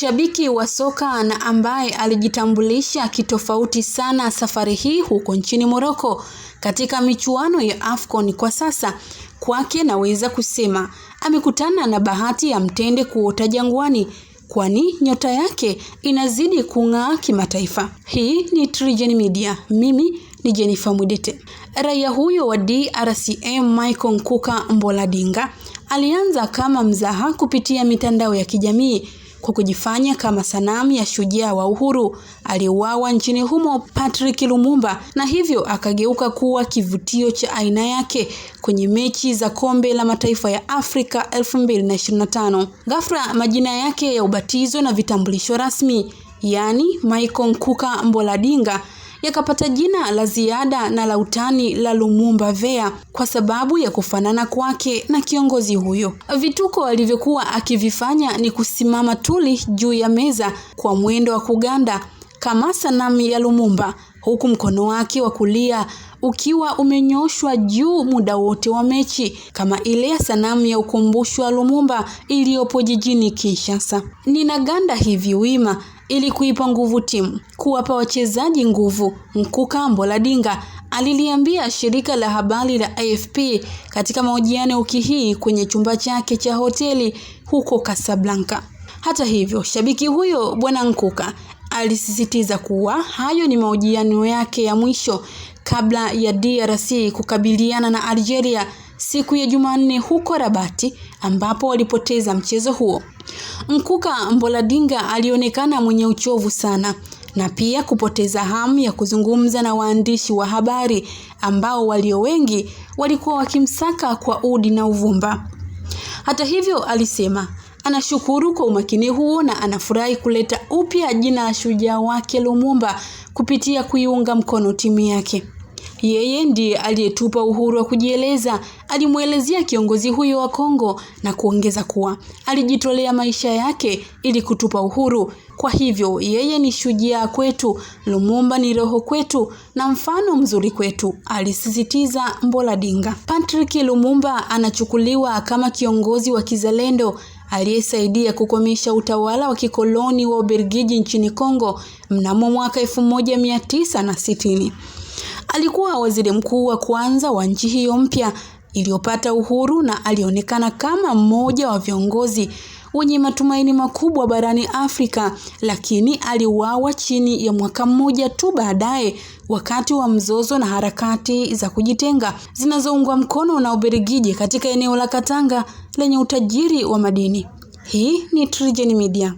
shabiki wa soka na ambaye alijitambulisha kitofauti sana safari hii huko nchini Moroko katika michuano ya AFCON. Kwa sasa kwake, naweza kusema amekutana na bahati ya mtende kuota jangwani, kwani nyota yake inazidi kung'aa kimataifa. Hii ni Trigen Media, mimi ni Jennifer Mudete. Raia huyo wa DRCM Michael Nkuka Mboladinga alianza kama mzaha kupitia mitandao ya kijamii kwa kujifanya kama sanamu ya shujaa wa uhuru aliyeuawa nchini humo Patrick Lumumba, na hivyo akageuka kuwa kivutio cha aina yake kwenye mechi za kombe la mataifa ya Afrika 2025. Ghafla majina yake ya ubatizo na vitambulisho rasmi, yaani Michael Nkuka Mboladinga yakapata jina la ziada na la utani la Lumumba Vea kwa sababu ya kufanana kwake na kiongozi huyo. Vituko alivyokuwa akivifanya ni kusimama tuli juu ya meza kwa mwendo wa kuganda kama sanamu ya Lumumba huku mkono wake wa kulia ukiwa umenyoshwa juu muda wote wa mechi kama ile ya sanamu ya ukumbusho wa Lumumba iliyopo jijini Kinshasa. Ninaganda hivi wima ili kuipa nguvu timu, kuwapa wachezaji nguvu. Nkukambo Ladinga aliliambia shirika la habari la AFP katika mahojiano wiki hii kwenye chumba chake cha hoteli huko Casablanca. Hata hivyo, shabiki huyo bwana Nkuka alisisitiza kuwa hayo ni mahojiano yake ya mwisho kabla ya DRC kukabiliana na Algeria siku ya Jumanne huko Rabati ambapo walipoteza mchezo huo. Nkuka Mboladinga alionekana mwenye uchovu sana na pia kupoteza hamu ya kuzungumza na waandishi wa habari ambao walio wengi walikuwa wakimsaka kwa udi na uvumba. Hata hivyo, alisema anashukuru kwa umakini huo na anafurahi kuleta upya jina la shujaa wake Lumumba kupitia kuiunga mkono timu yake. Yeye ndiye aliyetupa uhuru wa kujieleza, alimwelezea kiongozi huyo wa Kongo na kuongeza kuwa alijitolea maisha yake ili kutupa uhuru. Kwa hivyo yeye ni shujaa kwetu, Lumumba ni roho kwetu na mfano mzuri kwetu, alisisitiza Mbola Dinga. Patrick Lumumba anachukuliwa kama kiongozi wa kizalendo aliyesaidia kukomesha utawala wa kikoloni wa Ubelgiji nchini Kongo mnamo mwaka 1960. Alikuwa waziri mkuu wa kwanza wa nchi hiyo mpya iliyopata uhuru na alionekana kama mmoja wa viongozi wenye matumaini makubwa barani Afrika, lakini aliuawa chini ya mwaka mmoja tu baadaye wakati wa mzozo na harakati za kujitenga zinazoungwa mkono na Ubelgiji katika eneo la Katanga lenye utajiri wa madini. Hii ni Trigen Media.